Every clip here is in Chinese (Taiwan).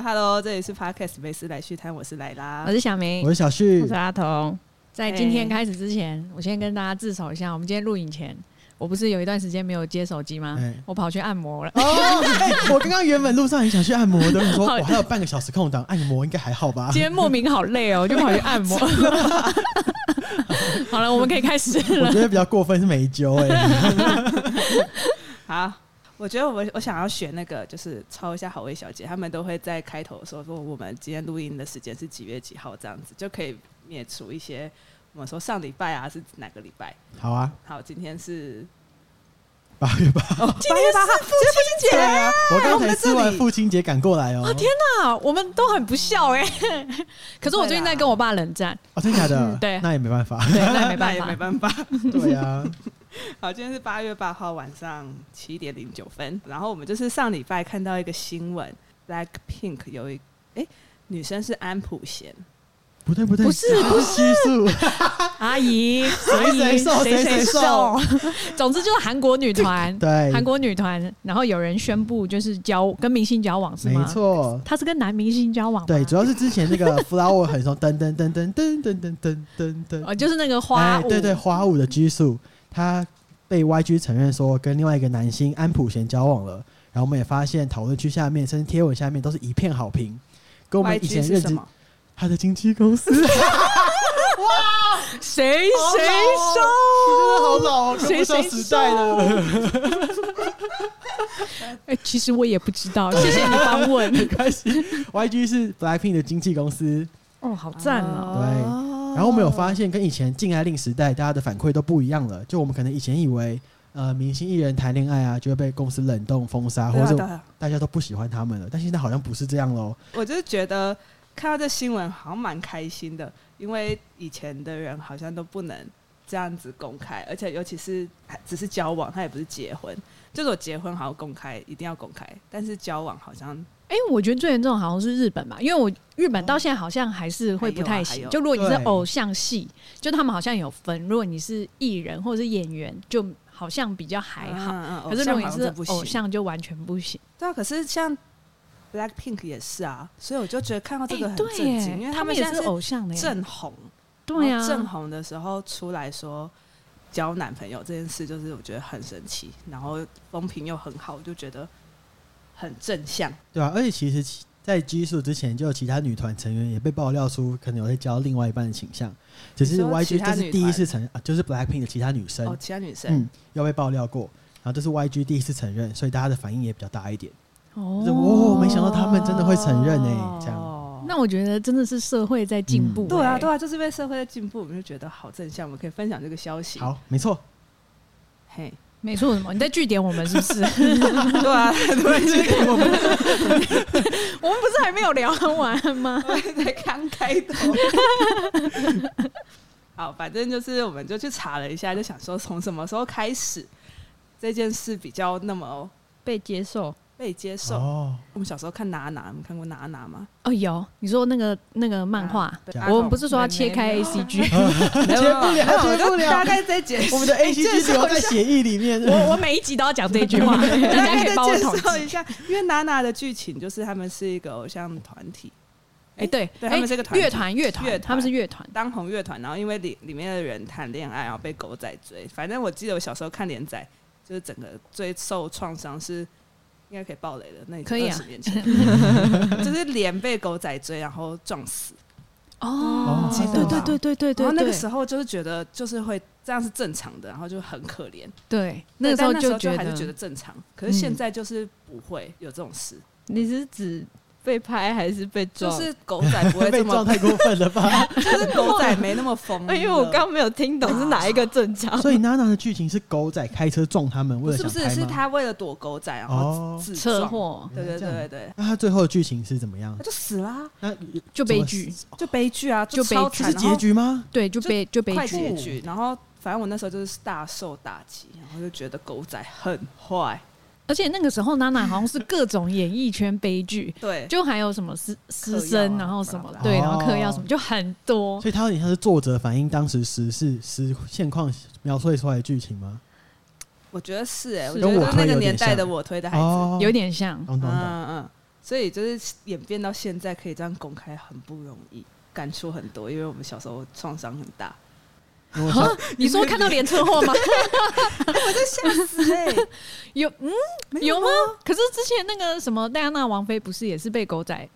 Hello，Hello，這裡是 Podcast 莓4萊旭攤，我是萊拉，我是小明，我是小旭，我是阿童。在今天開始之前，欸、我先跟大家自首一下，我們今天錄影前，我不是有一段時間沒有接手機嗎、欸，我跑去按摩了。哦，哎，我剛剛原本路上很想去按摩的，你說我還有半個小時空檔，按摩應該還好吧好，今天莫名好累哦、喔，就跑去按摩。 好了，好好 好 我們可以開始了。我覺得比較過分是美灸哎。 好。我覺得我我想要選那個，就是抄一下好味小姐，他們都會在開頭說，說我們今天錄音的時間是幾月幾號，這樣子就可以免除一些我們說上禮拜啊是哪個禮拜。好啊、嗯，好，今天是八月八、哦，8月8號。今天是父親節、啊，我剛才吃完父親節趕過來、喔、哦。天吶、啊，我們都很不孝哎、欸！ 可是我最近在跟我爸冷戰哦。真的假的、嗯對啊？對，那也沒辦法， 那也沒辦法，沒辦法，對呀。好，今天是八月八號晚上七點零九分。然後我們就是上禮拜看到一個新聞 Black Pink 有一哎、欸，女生是安普賢，不對不對，不是不是基數阿姨誰誰誰誰送。總之就是韓國女團對韓國女團。然後有人宣布就是交跟明星交往是嗎？沒錯，她是，是跟男明星交往。對，主要是之前那個 Flower 很瘦，噔噔噔噔噔噔噔噔噔，哦，就是那個花舞，欸，對對，對花舞的基數。他被 YG 承認說跟另外一個男星安普賢交往了，然後我們也發現討論區下面，甚至貼文下面都是一片好評。跟我們以前認識 YG 是什麼？他的經紀公司。 哇，誰誰說？好老哦、喔，收、喔、跟不上時代的了誰誰。哎、 欸，其實我也不知道，謝謝你幫問、啊，沒關係。 YG 是 BLACKPINK 的經紀公司。哦，好讚哦、喔啊。對。然後我們有發現，跟以前禁愛令時代大家的反饋都不一樣了。就我們可能以前以為，呃，明星藝人談戀愛啊，就會被公司冷凍封殺，或者大家都不喜歡他們了。但現在好像不是這樣嘍。我就是覺得看到這新聞，好像蠻開心的，因為以前的人好像都不能這樣子公開，而且尤其是只是交往，他也不是結婚。就是結婚好像公開，一定要公開。但是交往好像……哎、欸，我覺得最嚴重好像是日本吧，因為我日本到現在好像還是會不太行。喔啊啊、就如果你是偶像系，就他們好像有分。如果你是藝人或者是演員，就好像比較還好。嗯嗯、可是如果你是偶像就，偶像就完全不行。對啊，可是像 BLACKPINK 也是啊，所以我就覺得看到這個很震驚、欸，因為他們是也是偶像的正紅、嗯。對啊，正紅的時候出來說。交男朋友這件事，就是我覺得很神奇，然後風評又很好，我就覺得很正向。對啊，而且其實，在拘 s 之前，就有其他女團成員也被爆料出可能有在交另外一半的傾向，只是 YG 就是第一次承認、啊，就是 BLACKPINK 的其他女生，哦、其他女生嗯，要被爆料過，然後這是 YG 第一次承認，所以大家的反應也比較大一點。哦，就是、哦，沒想到他們真的會承認呢，這樣。那我覺得真的是社會在進步、欸嗯。對啊，對啊，就是因為社會在進步，我們就覺得好正向，我們可以分享這個消息。好，沒錯。嘿、hey,，沒錯，什麼？你在句點我們是不是？ 對啊，對，句點我們。我們不是還沒有聊完嗎？ 完嗎在剛開頭。 好，反正就是，我們就去查了一下，就想說從什麼時候開始這件事比較那麼被接受。可以接受。Oh. 我們小時候看娜娜，你們看過娜娜嗎？哦、oh,，有。你說那個那個漫畫、啊，我們不是說要切開 A C G 切 ACG,、啊 啊、不了，切不了。大概再解釋。我們的 A C G 留在協議裡面。我我每一集都要講這一句話，大家可以幫我統計一下。 因為娜娜的劇情就是他們是一個偶像團體。哎、欸，對，對他們是個樂團，樂、欸、團，他們是樂團，當紅樂團。然後因為裡裡面的人談戀愛，然後被狗仔追。反正我記得我小時候看連載，就是整個最受創傷是。應該可以爆雷的，那二十年前可以，啊。 就是臉被狗仔追，然後撞死。哦，哦哦對，對對對對對。然後那個時候就是覺得，就是會這樣是正常的，然後就很可憐。對，那個時候就覺得就還是覺得正常，可是現在就是不會有這種事。嗯嗯、你是，是指？被拍還是被撞？就是狗仔不會這麼 被撞太過分了吧？就 是狗仔沒那麼瘋。 因為我剛剛沒有聽懂是哪一個正常。 所以娜娜的劇情是狗仔開車撞他們，為了想拍嗎？是不是？是他為了躲狗仔，然後自、哦、車禍？對對對對、對。那他最後的劇情是怎麼樣？啊、就死啦、啊，就悲劇，就悲劇啊！就超慘。是結局嗎？對，就悲，就悲劇。然後，反正我那時候就是大受打擊，然後就覺得狗仔很壞。而且那個時候，娜娜好像是各種演藝圈悲劇， 對，就還有什麼私、啊、私生然後什麼的、啊，對，然後嗑藥什麼、啊，就很多。所以它有點像是作者反映當時時事、時現況描繪出來的劇情嗎？我覺得是、欸，哎，我覺得那個年代的我推的孩子是、啊、有點像，有點像，嗯嗯,嗯,嗯,嗯。所以就是演變到現在可以這樣公開，很不容易，感觸很多，因為我們小時候創傷很大。我你說看到連車禍嗎？ 我就嚇死嘞、欸！ 有嗯有嗎？可是之前那個什麼戴安娜王妃不是也是被狗仔，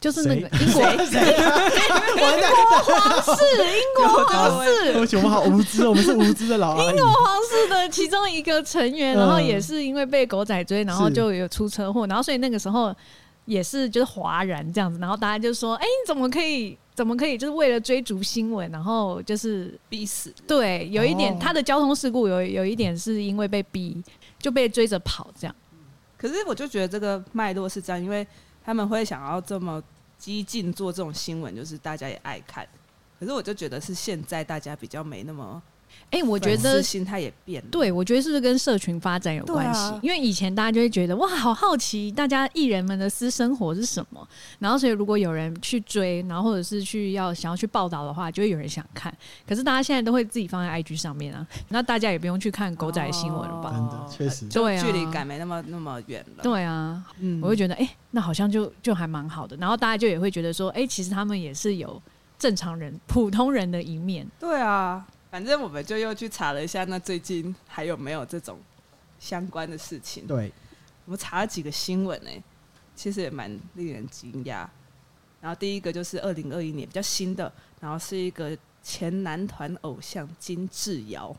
就是那個英國英國皇室英國皇室，我們好無知哦，我們是無知的老。英國皇室的其中一個成員、嗯，然後也是因為被狗仔追，然後就有出車禍，然後所以那個時候也是就是嘩然這樣子，然後大家就說：“哎、欸，你怎麼可以？”怎麼可以？就是為了追逐新聞，然後就是逼死。對，有一點、oh. 他的交通事故有有一點是因為被逼就被追着跑這樣。可是我就覺得這個脈絡是這樣，因為他們會想要這麼激進做這種新聞，就是大家也愛看。可是我就覺得是現在大家比較沒那麼。哎、欸，我覺得心態也變了。對，我覺得是不是跟社群發展有關係、啊？因為以前大家就會覺得哇，好好奇，大家藝人們的私生活是什麼？然後所以如果有人去追，然後或者是去要想要去報道的話，就會有人想看。可是大家現在都會自己放在 IG 上面啊，那大家也不用去看狗仔新聞了吧？真、哦、的，確實，對啊，距離感沒那麼那麼遠了。對啊，嗯，我會覺得，哎、欸，那好像就就還蠻好的。然後大家就也會覺得說，哎、欸，其實他們也是有正常人、普通人的一面。對啊。反正我們就又去查了一下，那最近還有沒有這種相關的事情？對，我們查了幾個新聞呢、欸，其實也蠻令人驚訝。然後第一個就是二零二一年比較新的，然後是一個前男團偶像金志堯，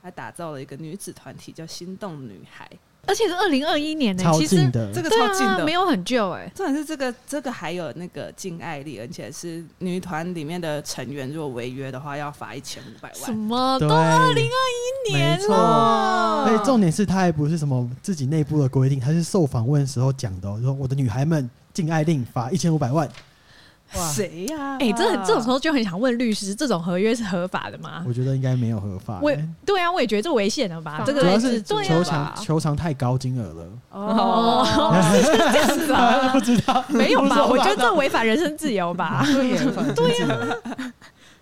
他打造了一個女子團體叫心動女孩。而且是二零二一年呢、欸，其實這個超近的，啊、沒有很舊哎、欸。重點是這個，這個還有那個禁愛令，而且是女團裡面的成員，如果違約的話，要罰一千五百萬。什麼？都二零二一年了。對，哦、而且重點是它還不是什麼自己內部的規定，它是受訪問時候講的，就是、說我的女孩們禁愛令，罰一千五百萬。誰呀？哎、啊，這、欸、這種時候就很想問律師，這種合約是合法的嗎？我覺得應該沒有合法的。我對啊，我也覺得這違憲了吧？啊、這個主要是求償，求償、啊、太高金額了。哦，哦哦是啊， 不知道，沒有吧？我覺得這違反人身自由吧 對、啊。對啊，對啊，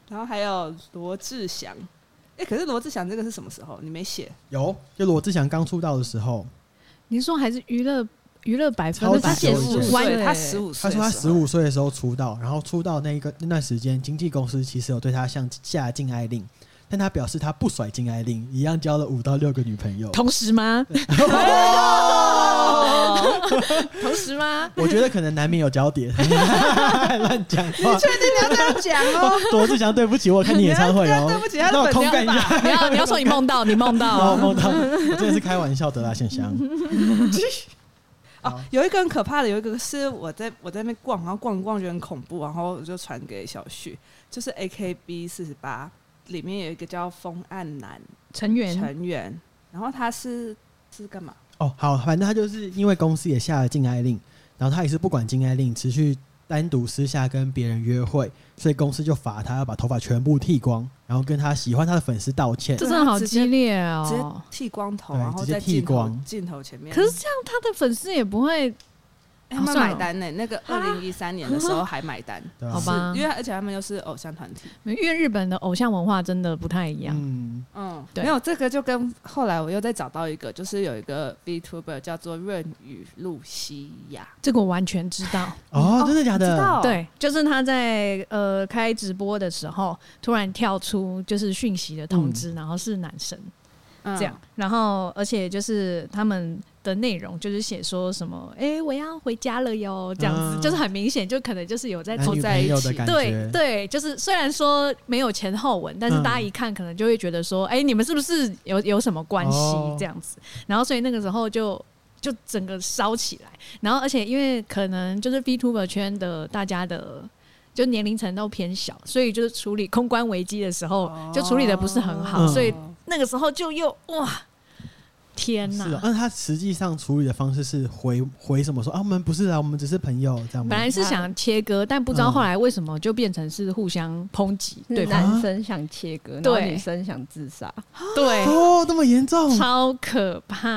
然後還有羅志祥，哎、欸，可是羅志祥這個是什麼時候？你沒寫？有，就羅志祥剛出道的時候。你說還是娛樂？娛樂百分之百，分之百分之、欸，超百收。他說他十五歲的時候出道，然後出道那一個那段時間，經紀公司其實有對他像下禁愛令，但他表示他不甩禁愛令，一樣交了五到六個女朋友。同時嗎？喔、 同時嗎？我覺得可能難免有焦點亂講，你確定你要這樣講嗎？羅志祥，對不起我，我看你演唱會哦、喔，對不起，不要恐嚇，不要，你要說你夢到，你夢到，夢 到，我真的是開玩笑的啦，先香。 哦，有一個很可怕的，有一個是我在我在那邊逛，然後逛逛就很恐怖，然後我就傳給小旭，就是 AKB48 裡面有一個叫峯岸南成員成員，成員，然後他是是幹嘛？哦，好，反正他就是因為公司也下了禁愛令，然後他也是不管禁愛令持續。單獨私下跟別人約會，所以公司就罰他要把頭髮全部剃光，然後跟他喜歡他的粉絲道歉。這真的好激烈哦！直接直接剃光頭，對，直接剃光。然後在鏡頭，鏡頭前面。可是這樣，他的粉絲也不會。他們買單呢、欸哦？那個二零一三年的時候還買單，好、啊、吧、啊？因為而且他們又是偶像團體，因為日本的偶像文化真的不太一樣。嗯嗯，對。嗯、沒有這個就跟後來我又再找到一個，就是有一個 VTuber 叫做潤羽露西亞，這個我完全知道。哦，真的假的？哦知道哦、對，就是他在呃開直播的時候，突然跳出就是訊息的通知、嗯，然後是男生、嗯、這樣，然後而且就是他們。的內容就是寫說什麼，哎、欸，我要回家了喲，這樣子、嗯、就是很明顯，就可能就是有在住在一起，對對，就是雖然說沒有前後文，但是大家一看可能就會覺得說，哎、嗯欸，你們是不是有有什麼關係、哦、這樣子？然後所以那個時候就就整個燒起來，然後而且因為可能就是 VTuber 圈的大家的就年齡層都偏小，所以就是處理公關危機的時候、哦、就處理的不是很好、嗯，所以那個時候就又哇。天吶、喔！那他實際上處理的方式是回回什麼說啊？我們不是啊，我們只是朋友這樣。本來是想切割，但不知道後來為什麼就變成是互相抨擊。嗯、對，男生想切割，對女生想自殺、啊。對哦，那、喔、麼嚴重，超可怕，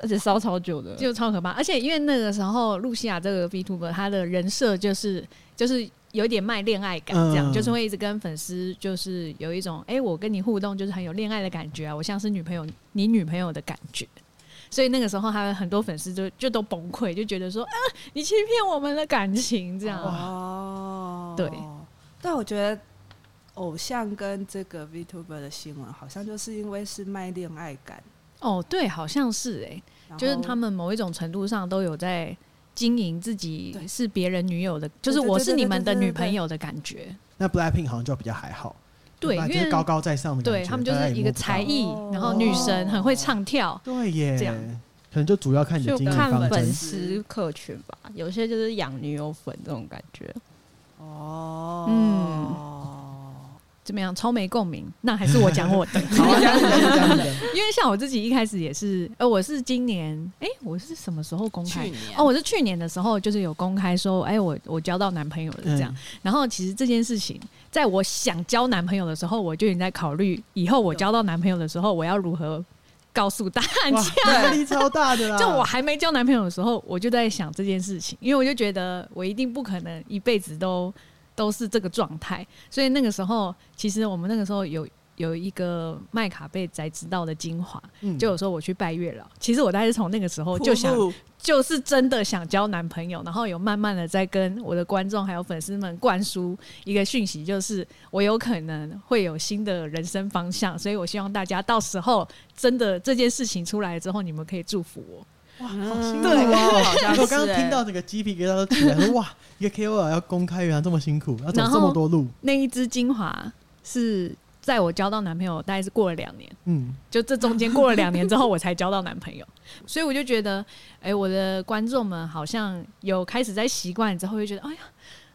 而且燒超久的，就超可怕。而且因為那個時候露西亞這個 VTuber，他的人設就是就是。就是有點賣戀愛感，這樣、嗯、就是會一直跟粉絲就是有一種，哎、欸，我跟你互動就是很有戀愛的感覺啊，我像是女朋友你女朋友的感覺，所以那個時候還有很多粉絲就就都崩潰，就覺得說啊，你欺騙我們的感情這樣。哦，對，但我覺得偶像跟這個 VTuber 的新聞好像就是因為是賣戀愛感。哦，對，好像是哎、欸，就是他們某一種程度上都有在。經營自己是別人女友的。對對對對對對對對，就是我是你們的女朋友的感覺。對對對對對對對對，那 BLACKPINK 好像就比較還好，對，Black, 因為、就是、高高在上的感覺。對，他們就是一個才藝，然後女神很會唱跳，哦、對耶，這樣可能就主要看你的就看粉絲客群吧。有些就是養女友粉這種感覺，哦，嗯。怎麼樣？超沒共鳴？那還是我講我的， 因為像我自己一開始也是，呃，我是今年，哎、欸，我是什麼時候公開？去年哦，我是去年的時候，就是有公開說，哎、欸，我我交到男朋友了這樣、嗯。然後其實這件事情，在我想交男朋友的時候，我就已經在考慮，以後我交到男朋友的時候，我要如何告訴大家？壓力超大的啦。 就我還沒交男朋友的時候，我就在想這件事情，因為我就覺得我一定不可能一輩子都。都是這個狀態，所以那個時候，其實我們那個時候有有一個麥卡貝宅知道的精華、嗯，就有時候我去拜月老。其實我大概是從那個時候就想噗噗，就是真的想交男朋友，然後有慢慢的在跟我的觀眾還有粉絲們灌輸一個訊息，就是我有可能會有新的人生方向，所以我希望大家到時候真的這件事情出來之後，你們可以祝福我。哇，好辛苦啊！嗯對欸、我剛剛聽到這個雞皮疙瘩都起來說，說哇，一個 KOL 要公開，原來這麼辛苦，要走這麼多路。那一支精華是在我交到男朋友，大概是過了兩年，嗯，就這中間過了兩年之後，我才交到男朋友， 所以我就覺得，哎、欸，我的觀眾們好像有開始在習慣之後，就覺得，哎呀，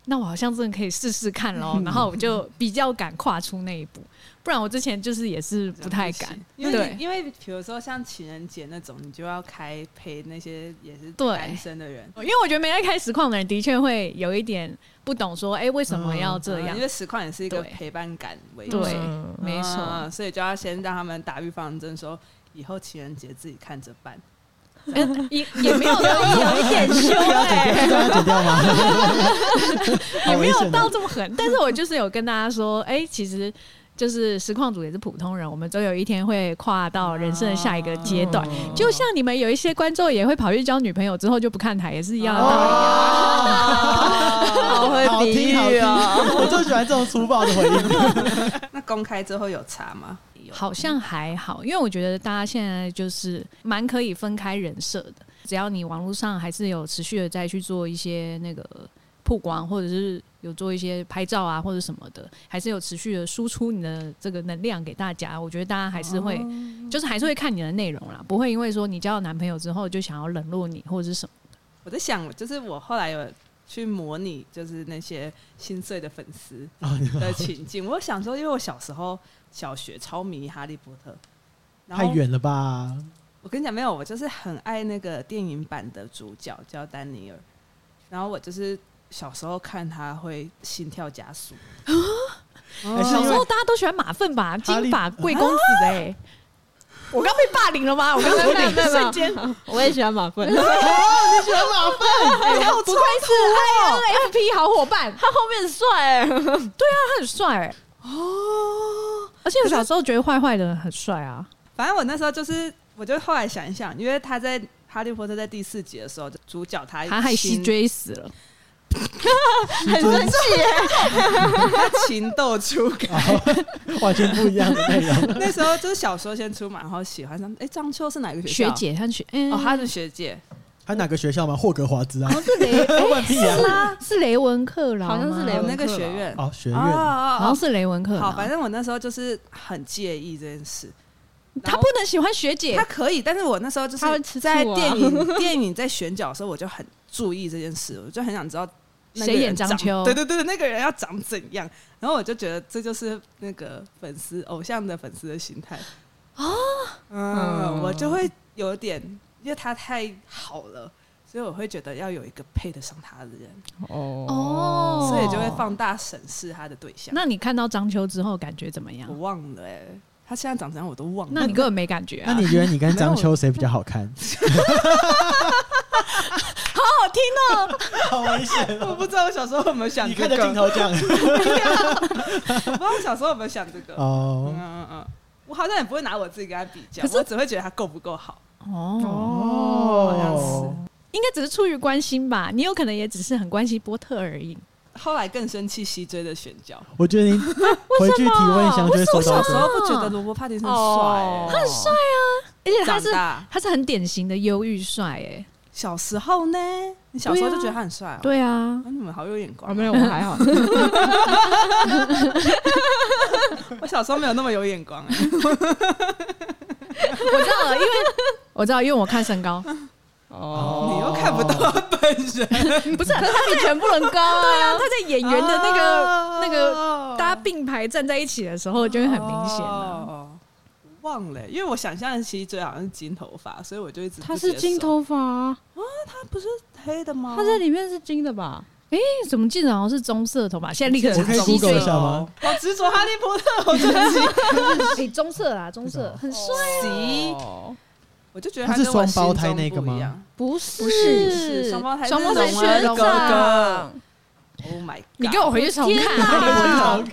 那我好像真的可以試試看嘍、嗯，然後我就比較敢跨出那一步。不然我之前就是也是不太敢，因為因為比如說像情人節那種，你就要開陪那些也是單身的人，因為我覺得沒在開實況的人的確會有一點不懂說，哎、欸，為什麼要這樣？嗯嗯、因為實況也是一個陪伴感為主，對，對嗯、沒錯，所以就要先讓他們打預防針，說以後情人節自己看着辦。也也沒有說有一點凶哎， 也沒有到這麼狠，但是我就是有跟大家說，哎、欸，其實。就是實況主也是普通人，我們總有一天會跨到人生的下一個階段、啊。就像你們有一些觀眾也會跑去交女朋友之後就不看台，也是一樣的道理。哦、 會好 T 好聽啊、哦！我就喜歡這種粗暴的回應。 那公開之後有差嗎？好像還好，因為我覺得大家現在就是蠻可以分開人設的，只要你網絡上還是有持續的在去做一些那個曝光，或者是。有做一些拍照啊或者什麼的，還是有持續的輸出你的這個能量給大家。我覺得大家還是會，哦、就是還是會看你的內容啦，不會因為說你交了男朋友之後就想要冷落你或者是什麼的。我在想，就是我後來有去模擬，就是那些心碎的粉絲的情景。 我想說，因為我小時候小學超迷哈利波特，太遠了吧？我跟你講，沒有，我就是很愛那個電影版的主角叫丹尼爾，然後我就是。小時候看他會心跳加速，小時候大家都喜歡馬糞吧？金髮貴公子的哎、欸啊，我剛被霸凌了嗎？我剛才那一瞬間，我也喜歡馬糞、啊啊啊。你喜歡馬糞？還、啊、有、欸、不愧是 INFP 好夥伴、啊，他後面帥、欸。 對啊，他很帥哦、欸啊。而且我小時候覺得壞壞的人很帥啊。反正我那時候就是，我就後來想一想，因為他在《哈利波特》在第四集的時候，主角他韓海西追死了。 很生氣、啊， 他情竇初開、oh,，完全不一樣的內容。 那時候就是小說先出嘛，然後喜歡上。哎、欸，張秋是哪個學校？學姐學，像學哦，oh, 他是學姐，還哪個學校嗎？霍格華茲啊、 哦，是雷，欸、是嗎 是，是雷文克勞，好像是雷文那個學院，哦，學院，好像是雷文克勞, oh, oh, oh, oh. 雷文克。好，反正我那時候就是很介意這件事。他不能喜歡學姐，他可以。但是我那時候就是在電影、啊、 電影在選角的時候，我就很注意這件事，我就很想知道。誰、那個，演章丘？對對對，那個人要長怎樣？然後我就覺得這就是那個粉絲、偶像的粉絲的心態哦嗯。嗯，我就會有點，因為他太好了，所以我會覺得要有一個配得上他的人。哦哦，所以就會放大審視他的對象。那你看到章丘之後感覺怎麼樣？我忘了哎、欸，他現在長怎樣我都忘了。那你根本沒感覺啊？那你覺得你跟章丘誰比較好看？ 聽到、喔， 好危險險、喔！ 我不知道我小時候有沒有想這個。 不知道我小時候有沒有想這個。 哦，嗯嗯、啊啊，啊、我好像也不會拿我自己跟他比較，可是我只會覺得他夠不夠好、嗯。哦，好像是，應該只是出於關心吧。你有可能也只是很關心波特而已。後來更生氣西追的選角，我覺得你回去體會，想我小、啊啊啊、時候不覺得羅伯·帕蒂森帥，他很帥啊，而且他是他是很典型的憂鬱帥哎。小時候呢，你小時候就覺得他很帥、喔、啊？對啊，你們好有眼光啊！啊沒有，我還好。 我小時候沒有那麼有眼光、欸 我。我知道，因為我知道，因為我看身高。哦、oh.，你又看不到本人。 不是、啊，他比全部人高。 對啊，他在演員的那個、oh. 那個搭並排站在一起的時候就會很明顯、啊。Oh. 忘了，因為我想象的其實最好像是金頭髮，所以我就一直他是金頭髮啊，他不是黑的嗎？他在裡面是金的吧？哎、欸，怎麼記得好像是棕色的頭髮？現在立刻西追一下嗎？好執着哈利波特，我真的哎，棕、 欸、色，色、這個、啊，棕色很帥、啊，我就覺得他是雙胞胎那個嗎？不是，雙胞胎是榮恩哥哥，雙胞胎學長。Oh my God，重看你跟我回去重、啊、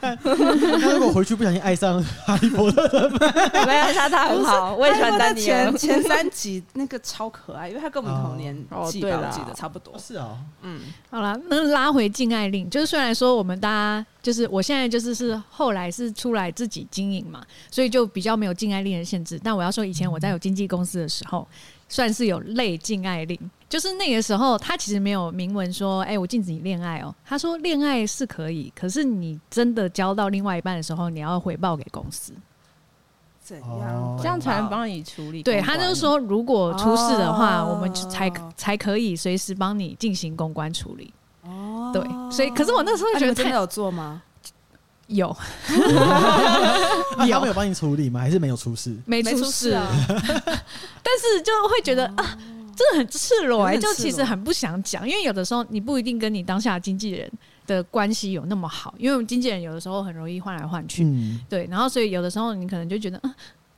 看，嗯啊、如果回去 哈哈 我回去不小心愛上哈利波特嗎？沒有，愛上他很好，我也喜歡丹尼。前前三集那個超可愛，因為他跟我們同年紀，對，我記得差不多。Oh, 是啊、哦，嗯，好啦，那拉回禁愛令，就是雖然說我們大家就是我現在就是是後來是出來自己經營嘛，所以就比較沒有禁愛令的限制。但我要說，以前我在有經紀公司的時候、嗯，算是有類禁愛令。就是那個時候，他其實沒有明文說，哎、欸，我禁止你戀愛哦、喔。他說戀愛是可以，可是你真的交到另外一半的時候，你要回報給公司。怎樣？這樣才能幫你處理？對，他就是說，如果出事的話，哦、我們就才才可以隨時幫你進行公關處理。哦，對，所以，可是我那時候覺得他、啊、你有做嗎？有。你 有、 啊、沒有幫你處理嗎？還是沒有出事？沒出事，沒出事啊。 但是就會覺得、嗯、啊。這個很赤裸哎、欸，就其實很不想講，因為有的時候你不一定跟你當下經紀人的關係有那麼好，因為我們經紀人有的時候很容易換來換去、嗯，對，然後所以有的時候你可能就覺得啊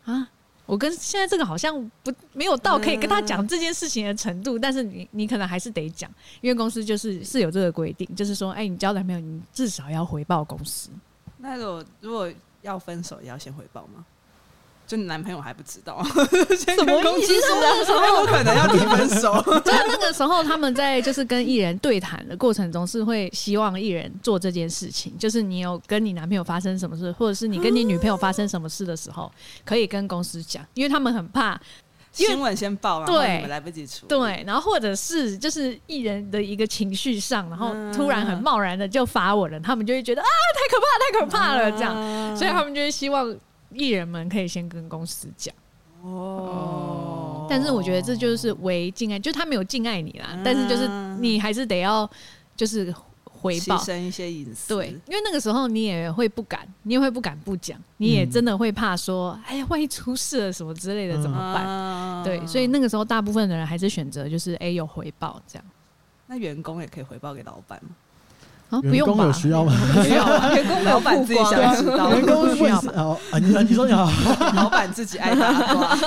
啊，我跟現在這個好像不沒有到可以跟他講這件事情的程度，嗯、但是你你可能還是得講，因為公司就是是有這個規定，就是說，哎、欸，你交男朋友，你至少要回報公司。那如果如果要分手，也要先回報嗎？就你男朋友還不知道，什麼 公司啊？什麼有可能要跟你分手？在 那個時候，他們在就是跟藝人對談的過程中，是會希望藝人做這件事情。就是你有跟你男朋友發生什麼事，或者是你跟你女朋友發生什麼事的時候，啊、可以跟公司講，因為他們很怕新聞先報了，對，來不及出。對，然後或者是就是藝人的一個情緒上，然後突然很貿然的就發文了、啊，他們就會覺得啊，太可怕，太可怕了、啊，這樣，所以他們就會希望。藝人們可以先跟公司講哦、嗯，但是我覺得這就是微禁愛，就是他沒有禁愛你啦、嗯，但是就是你還是得要就是回報，犧牲一些隱私。對，因為那個時候你也會不敢，你也會不敢不講，你也真的會怕說，哎、嗯、呀、欸，萬一出事了什麼之類的怎麼辦、嗯啊？對，所以那個時候大部分的人還是選擇就是哎、欸、有回報這樣。那員工也可以回報給老闆嗎？啊，不用吧，員工有需要嗎？需、啊、要。員 工，老板自己想知道。員工需要、 啊、你說你好。老板自己愛打光、 啊。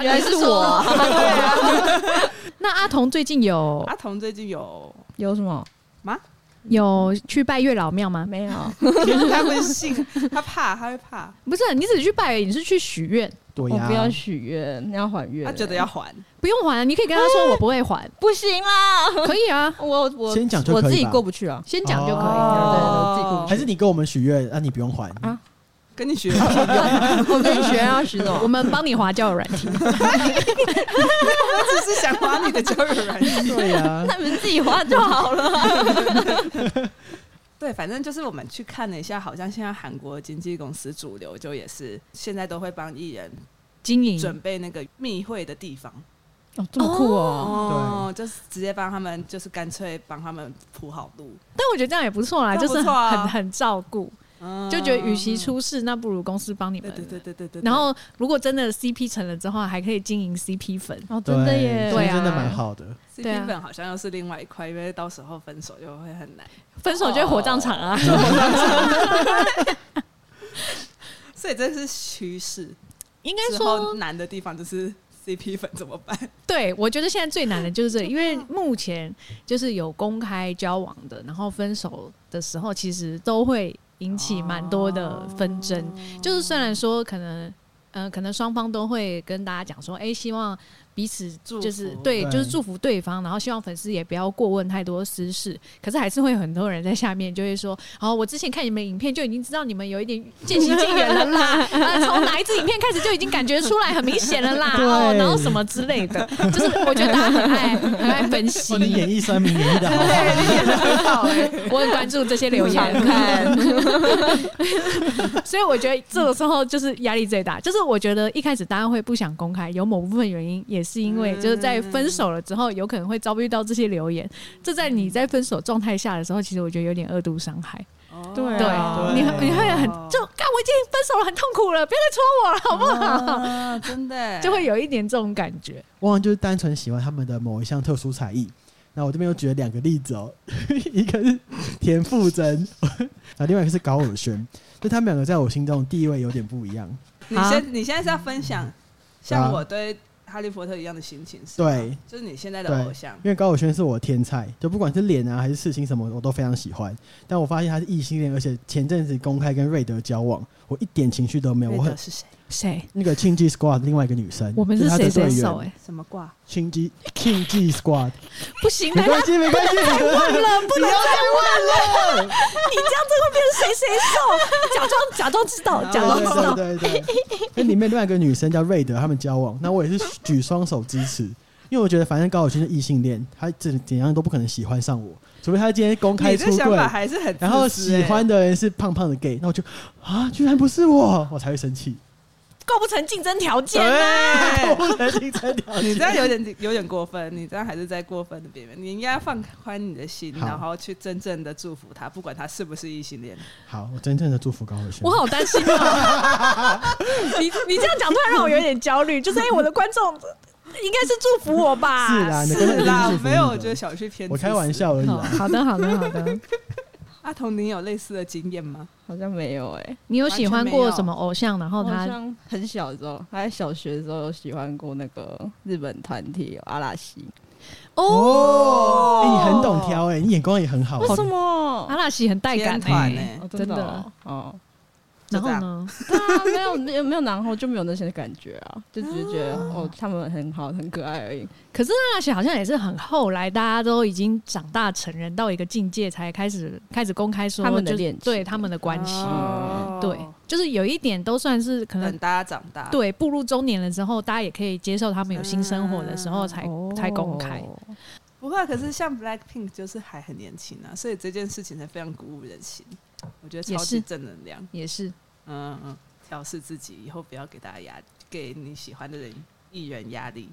原來是我。 對啊、 那阿童最近有？阿童最近有有什麼嗎？有去拜月老廟嗎？沒有，他會信， 他怕，他會怕。不是，你只去拜而已，你是去許願，對、啊。哦，不要許願，你要還願。他覺得要還，不用還，你可以跟他說、欸、我不會還，不行啊，可以啊，我我我自己過不去啊，先講就可以，哦、對對對，自己過不去，還是你跟我們許願，那、啊、你不用還。啊跟你學，學、啊學啊嗯，我跟你學啊，徐總、啊，我們幫你划交友軟體，我 只是想划你的交友軟體對啊，他們自己划就好了、啊。 對，反正就是我們去看了一下，好像現在韓國經紀公司主流就也是現在都會幫藝人經營、準備那個密會的地方。哦，這麼酷哦！哦對，就是直接幫他們，就是乾脆幫他們鋪好路。但我覺得這樣也不錯啦，不、啊，就是很很照顧。嗯、就覺得與其出事，那不如公司幫你們。對對對對對,對。然後如果真的 CP 成了之後，還可以經營 CP 粉。哦，真的耶，對、啊、真的蠻好的、啊。CP 粉好像又是另外一塊，因為到時候分手就會很難。分手就是火葬場啊，哦、 所以這是趨勢。應該說難的地方就是 CP 粉怎麼辦？對我覺得現在最難的就是這個嗯，因為目前就是有公開交往的，然後分手的時候其實都會。引起蠻多的紛爭，就是雖然說可能，嗯、呃，可能雙方都會跟大家講說，哎、欸，希望，彼此就是祝對，就是祝福對方，然後希望粉絲也不要過問太多私事。可是還是會有很多人在下面就會說：“哦，我之前看你們影片就已經知道你們有一點漸行漸遠了啦，從、 啊、哪一支影片開始就已經感覺出來很明顯了啦，哦，然後什麼之類的。”就是我覺得大家很愛很愛分析，演繹聲明演的好好，對，很好，欸。 我很關注這些留言，看 所以我覺得這個時候就是壓力最大。就是我覺得一開始大家會不想公開，有某部分原因也是。是因為就是在分手了之後，有可能會遭遇到這些留言。這在你在分手狀態下的時候，其實我覺得有點二度傷害。哦、對、對、對，你你會很就，幹，我已經分手了，很痛苦了，別再戳我了，好不好？哦、真的，就會有一點這種感覺。往往就是單純喜歡他們的某一項特殊才藝。那我這邊又舉了兩個例子哦、喔，一個是田馥甄，那另外一個是高爾宣。就他們兩個在我心中地位有點不一樣。你現你現在是要分享、嗯、像我對、啊。哈利波特一樣的心情是嗎？對，就是你現在的偶像。因為高宇軒是我的天菜，就不管是臉啊還是事情什麼，我都非常喜歡。但我發現他是異性戀，而且前陣子公開跟瑞德交往，我一點情緒都沒有。瑞德是誰？誰？那個慶基 squad 另外一個女生，我們是誰誰受？哎、欸，什麼掛？青基 King、G、squad 不行，沒關係，沒關係。太 問了，不能再問了。 你這樣子會變成誰誰受？假裝假裝知道，假裝知道。那 裡面另外一個女生叫瑞德，他們交往。那我也是舉雙手支持， 因為我覺得反正高曉軍是異性戀，他怎怎樣都不可能喜歡上我，除非他今天公開出櫃。你這想法還是很、欸。然後喜歡的人是胖胖的 gay，那我就啊，居然不是我，我才會生氣。構不成競爭條件嗎、欸欸？構不成競爭條件。你這樣有點有點過分，你這樣還是在過分的邊緣。你應該放寬你的心，然後去真正的祝福他，不管他是不是異性戀。好，我真正的祝福高老師。我好擔心、喔、 你你這樣講突然讓我有點焦慮，就是因為我的觀眾應該是祝福我吧？ 是啊，是啊，沒有，我覺得小旭偏。我開玩笑而已。好的，好的，好的。好的 他同你有類似的經驗嗎？好像沒有哎、欸，你有喜歡過什麼偶像？然後他好像很小的時候，他在小學的時候有喜歡過那個日本團體有阿拉西。哦，哦欸、你很懂挑哎、欸，你眼光也很好。為什麼阿拉西很帶感團、欸、哎、欸，真的哦。然後呢？ 啊、沒有沒有，然後就沒有那些感覺啊， 就只是覺得哦，他們很好、很可愛而已。可是那些好像也是很後來，大家都已經長大成人，到一個境界才開始開始公開說他們的戀情，對他們的關係、哦，對，就是有一點都算是可能等大家長大，對，步入中年了之後，大家也可以接受他們有新生活的時候才、嗯、才公開。哦不會，可是像 BLACKPINK 就是還很年輕啊，所以這件事情才非常鼓舞人心。我覺得超級正能量，也是，嗯嗯，調、嗯、試自己，以後不要給大家壓，給你喜歡的人藝人壓力。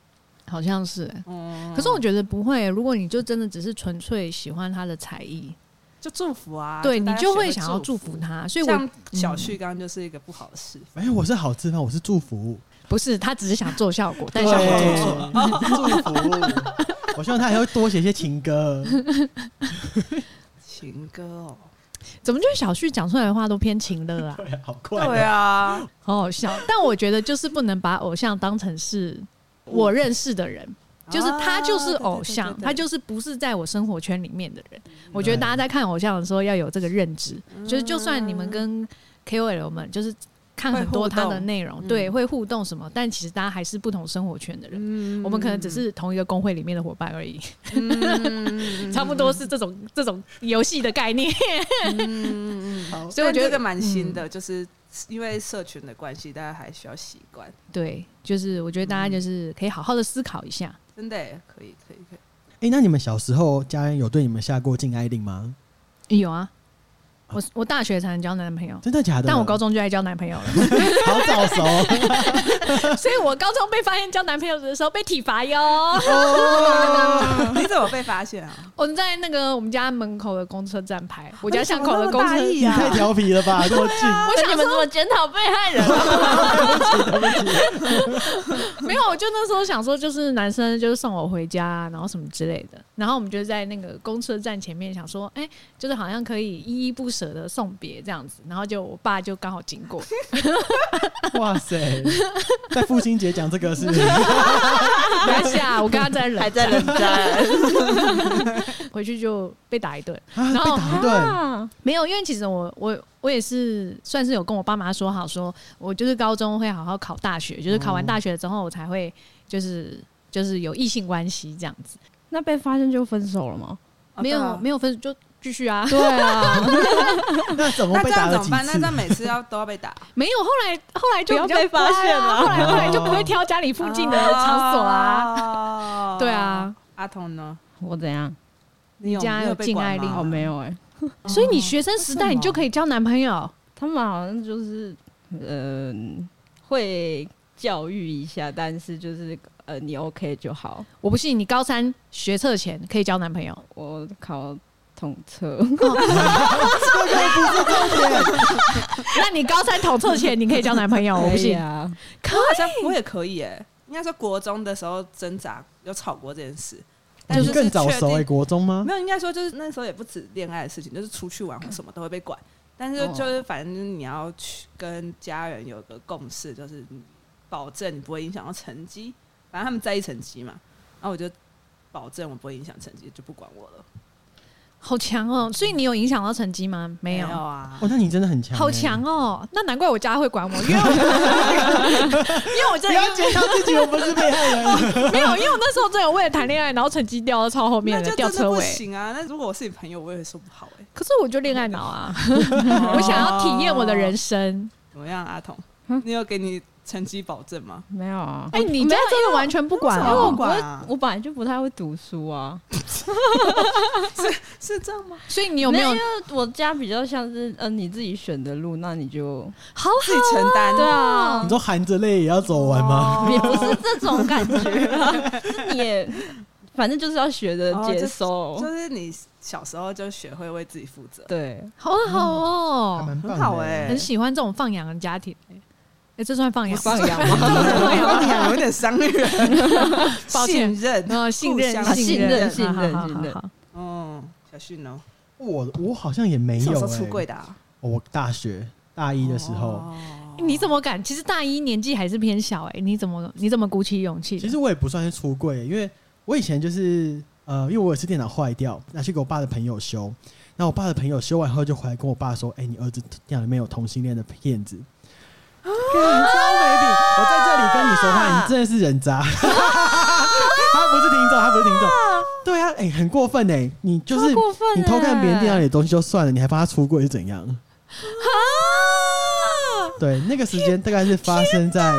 好像是，嗯。可是我覺得不會，如果你就真的只是純粹喜歡他的才藝，就祝福啊，對就你就會想要祝福，祝福他。所以我像小旭剛，剛就是一個不好的事，反、嗯、哎、欸，我是好示範，我是祝福。不是，他只是想做效果， 但效果做錯，祝福。 我希望他還會多寫一些情歌， 情歌哦，怎麼就小旭講出來的話都偏情樂啊？ 啊？好快，對啊，好好笑。 但我覺得就是不能把偶像當成是我認識的人，就是他就是偶像，啊對對對對，他就是不是在我生活圈裡面的人對對對對。我覺得大家在看偶像的時候要有這個認知，就是就算你們跟 KOL 們，就是。看很多他的內容，對，會互動什麼、嗯，但其實大家還是不同生活圈的人，嗯、我們可能只是同一個公會裡面的伙伴而已，嗯、 差不多是這種、嗯、這種遊戲的概念、嗯 嗯。好、所以我覺得這個蠻新的、嗯，就是因為社群的關係，大家還需要習慣。對，就是我覺得大家就是可以好好的思考一下，真的可以可以可以。哎、欸，那你們小時候家人有對你們下過禁愛令嗎？欸、有啊。我我大學才能交男朋友。真的假的？但我高中就愛交男朋友了，的的 好早照熟。 所以我高中被發現交男朋友的時候被體罰喲。你怎麼被發現啊？我在那個我們家門口的公車站牌， 我家巷口的公車呀，麼麼啊，太調皮了吧、 啊，這麼近。為什麼你們這麼檢討被害人？ 對不起，對不起。沒有，我就那時候想說，就是男生就是送我回家，然後什麼之類的。然後我們就在那個公車站前面，想說，哎、欸，就是好像可以依依不捨的送別這樣子。然後就我爸就剛好經過，哇塞， 在父親節講這個是不是？等一下，我剛剛在還在冷戰 回去就被打一頓，然後、啊、沒有，因為其實我我我也是算是有跟我爸媽說好，說我就是高中會好好考大學，就是考完大學之後我才會就是就是有異性關係這樣子。那被發現就分手了嗎？哦、沒有、哦，沒有分手、哦、就繼續啊。對啊， 那怎麼那這樣怎麼辦？那這樣每次要都要被打？沒有，後來後來就、啊、不要被發現了，後來後來就不會挑家裡附近的場所啊。哦、對啊，阿、啊、童呢？我怎樣？你家有禁愛令？我沒有哎、哦欸哦。所以你學生時代你就可以交男朋友，他們好像就是呃會教育一下，但是就是。呃，你 OK 就好。我不信你高三學測前可以交男朋友。我考統測，哦、 測前 那你高三統測前你可以交男朋友？欸、我不信啊、哎，可以，我也可以誒、欸。應該說，國中的時候掙扎，有吵過這件事，但就是更早熟為、欸、國中嗎？沒有，應該說就是那時候也不只戀愛的事情，就是出去玩或什麼都會被管。但是就、哦、就是反正你要去跟家人有個共識，就是保證你不會影響到成績。然、啊、後他們在意成績嘛，然、啊、後我就保證我不會影響成績，就不管我了。好強哦、喔！所以你有影響到成績嗎沒？沒有啊。哦、喔，那你真的很強、欸。好強哦、喔！那難怪我家會管我，因為我真的、 這個、要接受自己我不是被害人、 喔。沒有，因為我那時候真的為了談戀愛，然後成績掉到超後面就不、啊、掉車尾。行啊，那如果我是你朋友，我也會說不好哎、欸。可是我就戀愛腦啊， 我想要體驗我的人生。哦、怎麼樣、啊，阿童？你有給你？嗯成績保證嗎？沒有啊，哎、欸，你們家這個完全不管了、喔，因為我管、啊、我本來就不太會讀書啊， 是是這樣嗎？所以你有沒有？因為我家比較像是，嗯，你自己選的路，那你就好自己承擔，對啊，你都含着淚也要走完嗎？哦、 也不是這種感覺， 就是你也，反正就是要學着接受、哦就，就是你小時候就學會為自己負責，對，好好哦、喔嗯，很好哎、欸，很喜歡這種放養的家庭、欸。哎、欸，這算放羊，放羊嗎？ 放羊嗎，有點傷人。信任，信任，信任，信任，信嗯。小訊哦，我我好像也沒有、欸、少少出櫃的、啊。我大學大一的時候、哦欸，你怎麼敢？其實大一年紀還是偏小哎、欸，你怎麼你怎麼鼓起勇氣？其實我也不算是出櫃、欸，因為我以前就是呃，因為我有次電腦壞掉，拿去給我爸的朋友修。那我爸的朋友修完後就回來跟我爸說：“哎、欸，你兒子電腦裡面有同性戀的片子。”人渣美，我在這裡跟你說話，你真的是人渣！他不是聽眾，他不是聽眾。對啊，哎、欸，很過分哎、欸，你就是、欸、你偷看別人電腦裡的東西就算了，你還幫他出櫃是怎樣、啊？對，那個時間大概是發生在、啊、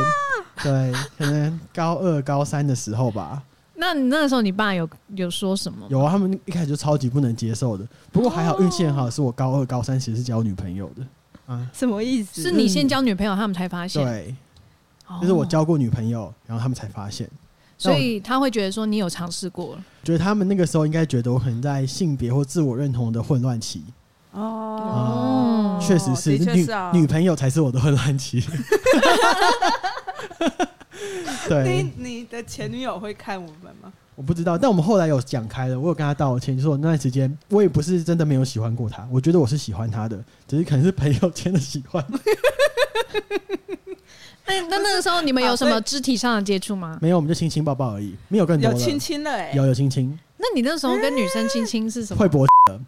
對，可能高二、高三的時候吧。那你那個時候你爸有有說什麼？有啊，他們一開始就超級不能接受的。不過還好、哦、運氣很好，是我高二、高三其實是交女朋友的。什麼意思？是你先交女朋友，他們才發現，嗯？對，就是我交過女朋友，然後他們才發現。所以他會覺得說你有嘗試過。覺得他們那個時候應該覺得我可能在性別或自我認同的混亂期。哦、嗯，確、嗯嗯、實是女女朋友才是我的混亂期。對，你你，你，你的前女友會看我們嗎？我不知道，但我們後來有講開了。我有跟他道歉，說、就是、那段時間我也不是真的沒有喜歡過他，我覺得我是喜歡他的，只是可能是朋友間的喜歡 欸。那那個時候你們有什麼肢體上的接觸嗎、啊？沒有，我們就親親抱抱而已，沒有更多。有親親的哎，有有親親、欸。那你那時候跟女生親親是什麼？會啵的。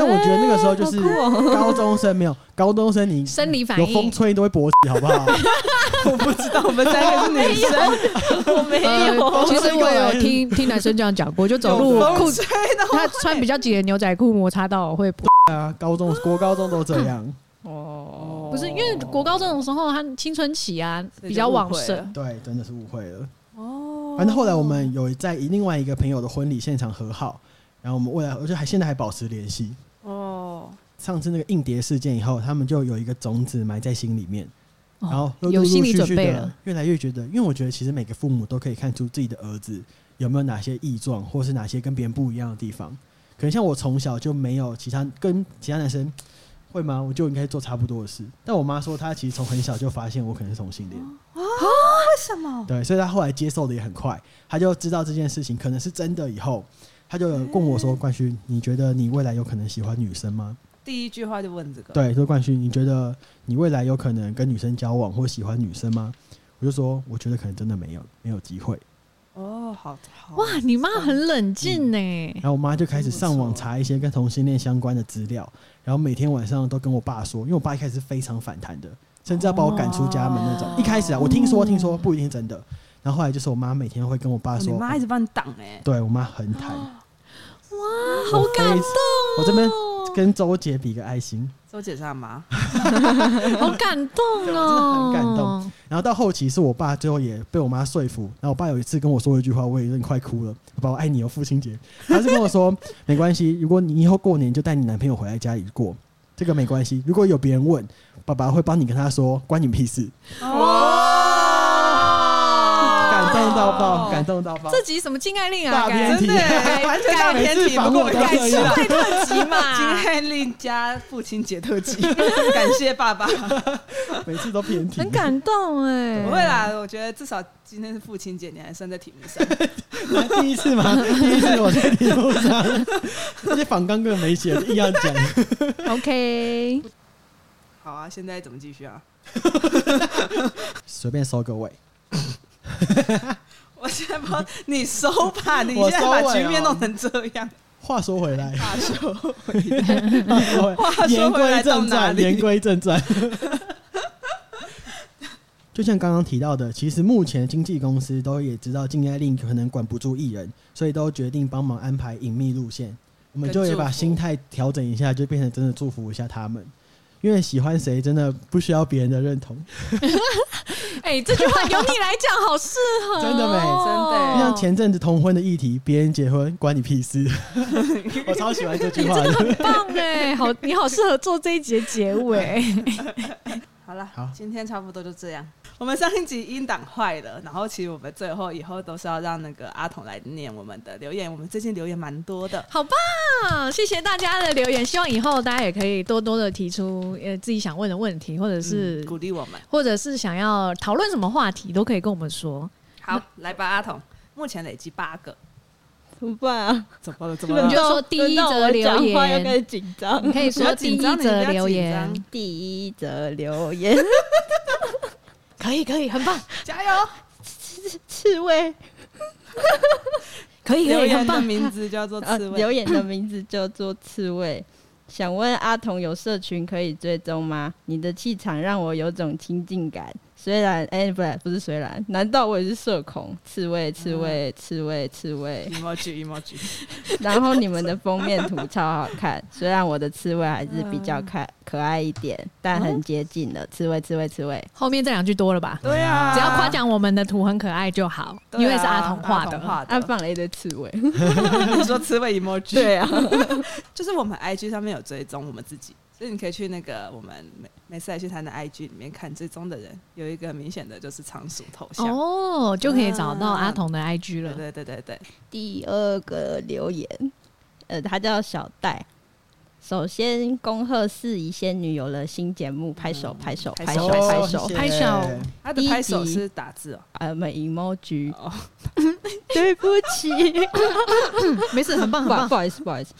但我覺得那個時候就是高中生沒有高中生，生理生理反應有風吹都會勃起，好不好？欸好酷喔。嗯、好不好 我不知道，我們三個是女生，欸、我沒有。呃、其實我有聽聽男生這樣講過，就走路褲子，他穿比較緊的牛仔褲，摩擦到我會勃起。對啊，高中國高中都這樣。啊、哦。不是因為國高中的時候他青春期啊比較旺盛。對，真的是誤會了哦。反正後來我們有在另外一個朋友的婚禮現場和好，然後我們未來而且還現在還保持聯繫。上次那個硬碟事件以後，他們就有一個種子埋在心裡面，哦、然後陸陸陸陸陸續續續、哦、有心理準備了，越來越覺得。因為我覺得其實每個父母都可以看出自己的兒子有沒有哪些異狀，或是哪些跟別人不一樣的地方。可能像我從小就沒有其他跟其他男生會嗎？我就應該做差不多的事。但我媽說她其實從很小就發現我可能是同性戀、哦、啊？為什麼？對，所以她後來接受的也很快。她就知道這件事情可能是真的以後，她就問我說：“冠、哎、勳，你覺得你未來有可能喜歡女生嗎？”第一句話就問這個？對，就冠勳，你覺得你未來有可能跟女生交往或喜歡女生嗎？我就說，我覺得可能真的沒有，沒有機會。哦，好，好哇，你媽很冷靜呢、欸嗯。然後我媽就開始上網查一些跟同性戀相關的資料，然後每天晚上都跟我爸說，因為我爸一開始是非常反彈的，甚至要把我趕出家門那種、哦。一開始啊，我聽說，嗯、聽說不一定真的。然後後來就是我媽每天會跟我爸說，我、哦、媽一直幫你擋哎、欸。對我媽很彈哇，好感動、哦！我這邊。跟周姐比個愛心，周姐在幹嘛？ 好感動哦，很感動。然後到後期是我爸，最後也被我媽說服。然後我爸有一次跟我說一句話，我也快哭了。爸爸愛你哦，父親節。他就跟我說 沒關係，如果你以後過年就帶你男朋友回來家裡過，這個沒關係。如果有別人問，爸爸會幫你跟他說，關你屁事。哦感動到爆、哦，感動到爆！這集什麼、啊《禁愛令》啊，真的完全到偏題。不過我太特輯嘛，《禁愛令》加父親節特輯， 感謝爸爸。 每次都偏題，很感動哎、欸！不會啦，我覺得至少今天是父親節，你還算在題目上。 第一次嗎？ 第一次我在題目上，這 訪綱跟沒寫 一樣講。OK，好啊，現在怎麼繼續啊？隨 便收個尾。 我先幫你收吧。你現在把局面弄成這樣。 話說回來，話說回來，話說回來，言歸正傳， 言歸正傳。 就像剛剛提到的，其實目前經紀公司都也知道禁愛令可能管不住藝人，所以都決定幫忙安排隱祕路線。我們就也把心態調整一下，就變成真的祝福一下他們。因為喜歡誰真的不需要別人的認同 哎、欸，這句話由你來講，好適合， 真的美，真的、欸。像前陣子同婚的議題，別人結婚關你屁事。 我超喜歡這句話，很棒哎、欸， 好，你好適合做這一節結尾。 好了，好，今天差不多就這樣。我們上一集音檔壞了，然後其實我們最後以後都是要讓那個阿童來念我們的留言。我們最近留言蠻多的，好棒！謝謝大家的留言，希望以後大家也可以多多的提出呃自己想問的問題，或者是、嗯、鼓勵我們，或者是想要討論什麼話題都可以跟我們說。好，來吧，阿童，目前累積八個，怎麼辦啊？怎麼了？怎麼了？你就說第一則留言要跟你可以說第一則留言， 第一則留言。 可以可以，很棒， 加油！刺刺刺刺蝟， 可以可以，留言的名字叫做刺蝟，留言的名字叫做刺蝟。 想問阿童有社群可以追蹤嗎？你的氣場讓我有種親近感。雖然哎、欸，不，不是雖然，難道我也是社恐？刺蝟，刺蝟、嗯，刺蝟，刺蝟。emoji emoji。 然後你們的封面圖超好看， 雖然我的刺蝟還是比較看、嗯、可愛一點，但很接近的刺蝟，刺蝟，刺蝟。後面這兩句多了吧？對啊，只要誇獎我們的圖很可愛就好，啊、因為是阿童畫的、啊、的，畫的。放了一堆刺蝟， 你說刺蝟 emoji？對啊， 就是我們 IG 上面有追蹤我們自己。那你可以去那個我們每次來，去他的 IG 裡面看，追蹤的人有一個明顯的就是倉鼠頭像哦，就可以找到阿童的 IG 了、啊。對對對對，第二個留言，呃，她叫小戴。首先恭賀四姨仙女有了新節目，拍手拍手拍手拍手拍手。她的拍手是打字哦、喔，呃，沒 emoji、oh.。 對不起， 沒事，很棒很棒，不好意思不好意思。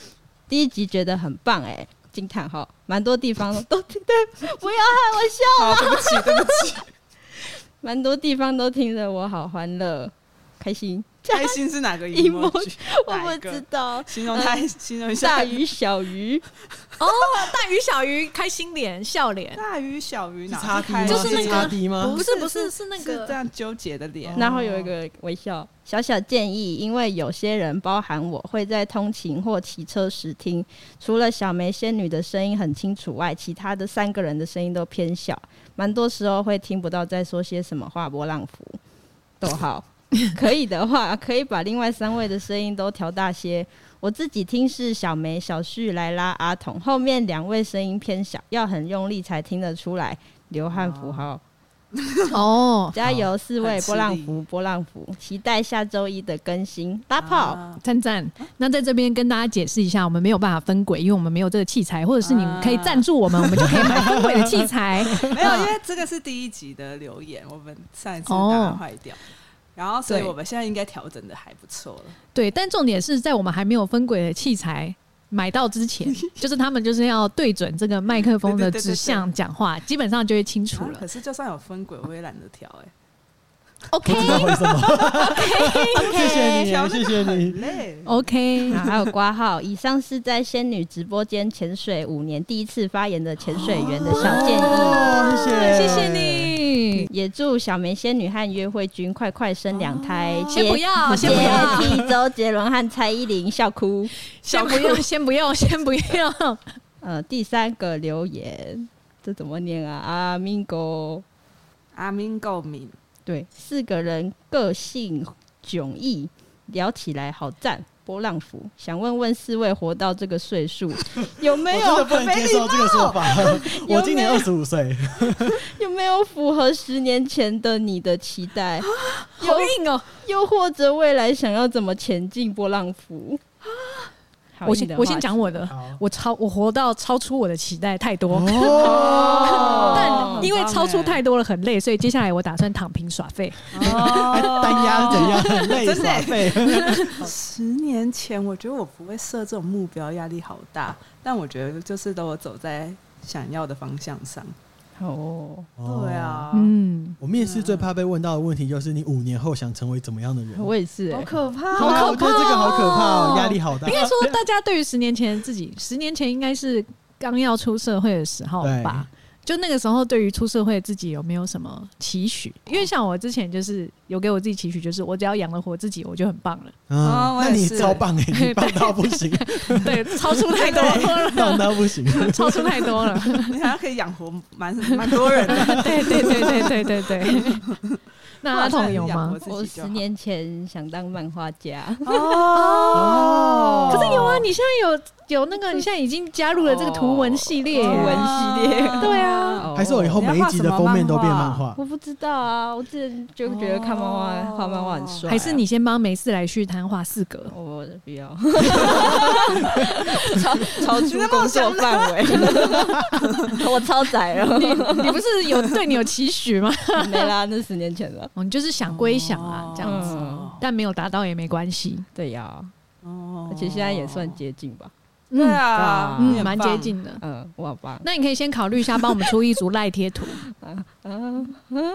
第一集覺得很棒哎、欸。驚嘆哈，蠻多地方都聽得， 不要害我笑啊！ 對不起，對不起，蠻多地方都聽得我好歡樂、開心，開心是哪個 emoji， 哪一個？一我不知道，形容太、呃、形容一下大魚小魚。 哦，大魚小魚，開心臉笑臉，大魚小魚哪，哪開？就是那個擦迪嗎？不是不是是,是那個是這樣糾結的臉，然後有一個微笑。小小建議，因為有些人包含我會在通勤或騎車時聽，除了小梅仙女的聲音很清楚外，其他的三個人的聲音都偏小，蠻多時候會聽不到在說些什麼。話，波浪符，逗號， 可以的話可以把另外三位的聲音都調大些。我自己聽是小莓、小旭來拉阿童，後面兩位聲音偏小，要很用力才聽得出來。流汗符號，哦， 加油，四位波浪符、波浪符，期待下周一的更新。大、啊、炮讚讚、啊，那在這邊跟大家解釋一下，我們沒有辦法分軌，因為我們沒有這個器材，或者是你們可以贊助我們、啊，我們就可以買分軌的器材。 沒有，因為這個是第一集的留言，我們上一次打壞掉。哦然後，所以我們現在應該調整的還不錯了，對。對，但重點是在我們還沒有分軌的器材買到之前， 就是他們就是要對準這個麥克風的指向講話，對對對對對對，基本上就會清楚了。可是就算有分軌，我也懶得調哎、欸。OK。不知道為什麼。 OK okay? 謝謝。 謝謝你，謝謝你。OK。還有括號。以上是在仙女直播間潛水五年第一次發言的潛水員的小建議、哦。謝謝，謝謝你。也祝小綿仙女和約會君快快生兩胎、哦。先不要，先不要。替周杰倫和蔡依林笑哭，先不用，先不用，先不用。呃，第三個留言，這怎麼念啊？阿、啊、明哥，阿、啊、明哥米。對，四個人個性迥異，聊起來好讚。波浪服，想問問四位活到這個歲數有沒有？ 我真的不能接受這個說法。 我今年二十五歲，有沒有， 有沒有符合十年前的你的期待？啊？有，好硬喔！又或者未來想要怎麼前進？波浪服。我先我先講我的，我超我活到超出我的期待太多，哦、 但因為超出太多了很累，所以接下來我打算躺平耍廢，單、哦、壓、 呃、怎樣很累， 真是廢 十年前我覺得我不會設這種目標，壓力好大，但我覺得就是等我走在想要的方向上。哦、oh, oh，對啊，嗯，我面試最怕被問到的問題就是你五年後想成為怎麼樣的人。我也是、欸，好可怕、哦，好可怕、哦，這個好可怕、哦，壓力好大、哦。應該說，大家對於十年前自己， 十年前應該是剛要出社會的時候吧。就那個時候，對於出社會自己有沒有什麼期許？因為像我之前就是有給我自己期許，就是我只要養了活自己，我就很棒了。啊、嗯，哦、那你超棒、欸，你棒到不行， 對, 對，超出太多了，棒到不行，超出太多了。你好像可以養活蠻蠻 多人的， 對對對對對對對。 那阿童有嗎？我十年前想當漫畫家哦，哦，哦，可是有啊，你現在有。有那個，你現在已經加入了這個圖文系列啊啊、哦，圖文系列，哦文系列啊，對啊、哦哦，還是我以後每一集的封面都變漫畫？我不知道啊，我之前就覺得看漫畫、畫、哦、漫畫很爽、啊。還是你先幫《莓4萊旭攤》畫四格？我不要，超超出工作範圍， 我超載了你。你不是有對你有期許嗎？沒啦，那十年前了。哦，你就是想歸想啊，這樣子，哦、但沒有達到也沒關係、嗯。對呀、啊哦，而且現在也算接近吧。嗯，啊、嗯，蠻接近的。嗯、呃，那你可以先考慮一下，幫我們出一組賴貼圖。嗯嗯。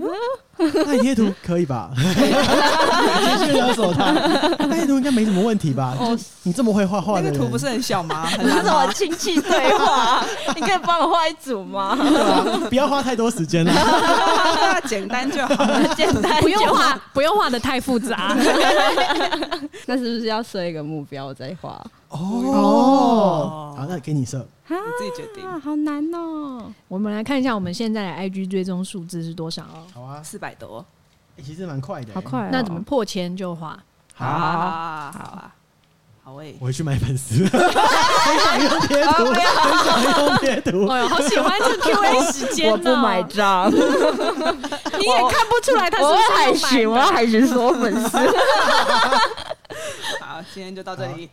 那、啊、貼圖可以吧？繼 續勒索他，貼圖應該沒什麼問題吧？哦，你這麼會畫畫，那個圖不是很小嗎？很這是我親戚對話， 你可以幫我畫一組嗎、啊？不要花太多時間了， 簡單就好，簡單，不用畫，不用畫得太複雜 那是不是要設一個目標再畫、哦？哦，好的，那給你設。啊、你自己決定啊，好難哦。我們來看一下，我們現在的 IG 追蹤數字是多少哦？好啊，四百多、欸，其實蠻快的、欸，好快、啊哦。那怎麼破千就花？好、啊、好好啊，好誒、啊欸，我回去買粉絲，很 想用貼圖，很 想用貼圖。哎、 哦、呦，好喜歡這 Q A 時間哦。 我不買賬， 你也看不出來他是海巡嗎？海巡是我粉絲。 好，今天就到這裡。啊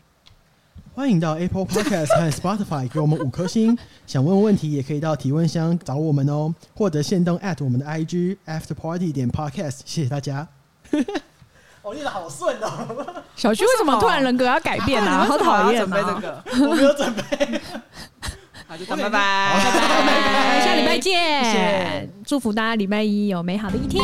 歡迎到 Apple Podcast 和 Spotify 給我們五顆星。 想問問題也可以到提問箱找我們哦。獲得現登 at 我們的 IG Afterparty 點 Podcast。謝謝大家。我、哦、念的好順哦。小 Q 為什麼突然人格要改變呢？好討厭啊！啊啊啊啊要要那個、 我沒有準備。好就到，拜拜。拜拜，下禮拜見謝謝。祝福大家禮拜一有美好的一天。